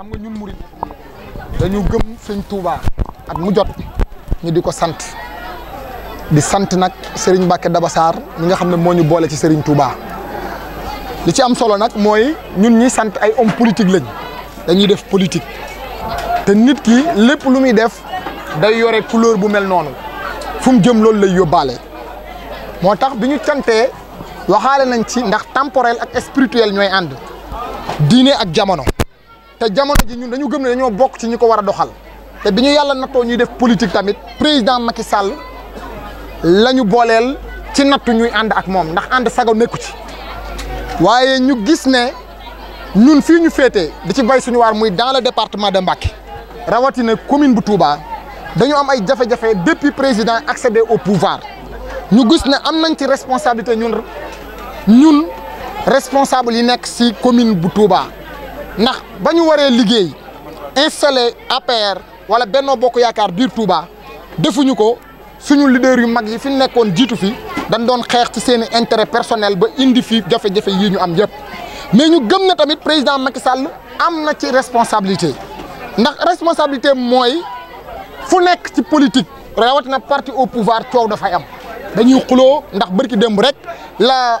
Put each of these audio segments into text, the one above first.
xam nga ñun murit dañu gëm sëñ Touba at mu jot ñu di ko sant di sant nag sëriñ Mbacke Dabassar mi nga xam ne moo ñu boole ci Serigne Touba li ci am solo nag mooy ñun ñi sant ay homme politique lañ dañuy def politique te nit ki lépp lu muy def day yore couleur bu mel noonu fu jëm loolu lay yóbbaale moo tax bi ñu cantee waxaale nañ ci ndax temporel ak spirituel ñooy ànd diine ak jamono. te jamono ji ñun dañu gëm ne dañoo bokk ci ñi ko war a doxal te bi ñu yàlla nattoo ñuy def politique tamit président Macky Sall la booleel ci nattu ñuy ànd ak moom ndax ànd sago nekku ci waaye ñu gis ne ñun fii ñu féetee di ci bay suñu waar muy dans le département de Mbacké rawatina commune bu Touba dañu am ay jafe-jafe depuis président accédé au pouvoir ñu gis ne am nañ ci responsabilité ñun ñun responsable yi nekk ci commune bu Touba. ndax nous ñu ligi, liggéey APR wala Benno un Touba defuñu ko suñu leader yu mag yi fi un intérêt personnel ba indi fi jafe-jafe mais nous gëm na le président Macky Sall am na responsabilité responsabilité politique parti au pouvoir Nous dafay am dañuy ndax la.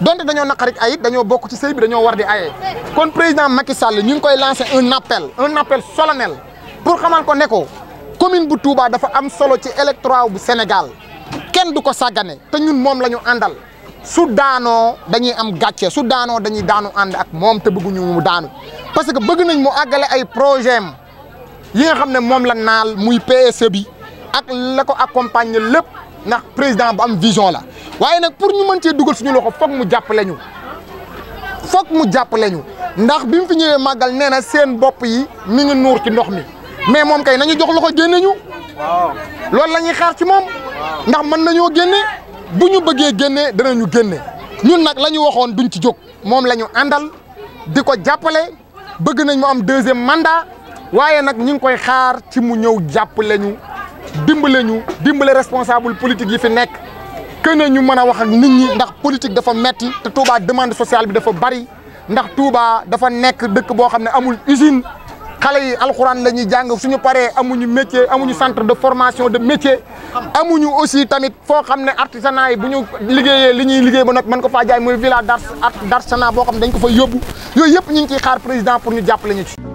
donte dañoo naqarik ayit dañoo bokk ci sey bi dañoo war di ayé kon président Macky Sall ñing koy lancer un appel un appel solennel pour xamal ko neko commune bu Touba dafa am solo ci électorat bu Sénégal kenn duko ko té ñun mom lañu andal su daano dañuy am gatché su daano dañuy daanu and ak mom té bëggu ñu mu daanu parce que bëgg nañ mu agalé ay projet yi nga xamné mom la nal muy PSE bi ak lako accompagner lépp ndax président bu am vision la waaye nag pour ñu mën cee dugal suñu loxo foog mu jàpp ñu foog mu jàppale ñu ndax bi mu fi ñëwee màggal nee na seen bopp yi mi ngi nuur ci ndox mi mais moom kay nañu jox loxo génne ñu. waaw loolu la ñuy xaar ci moom. ndax mën nañoo génne bu ñu bëggee génne ñu génne ñun nag la ñu waxoon duñ ci jóg moom la ñu di ko jàppale bëgg nañ mu am deuxième mandat waaye nag ñu ngi koy xaar ci mu ñëw jàppale ñu dimbale ñu dimbale responsable politique yi fi nekk. que ne ñu mën a wax nit ñi ndax politique dafa metti te Touba demande sociale bi dafa bari ndax Touba dafa nekk dëkk boo xam ne amul usine xale yi alxuraan la ñuy jàng suñu paree amuñu métier amuñu centre de formation de métier amuñu aussi tamit foo xam ne artisanat yi bu ñu liggéeyee li ñuy liggéey ba nag mën ko faa jaay muy village d'artisanat boo xam ne dañ ko fa yóbbu yooyu yëpp ñu ngi ciy xaar président pour ñu jàppale ñu ci.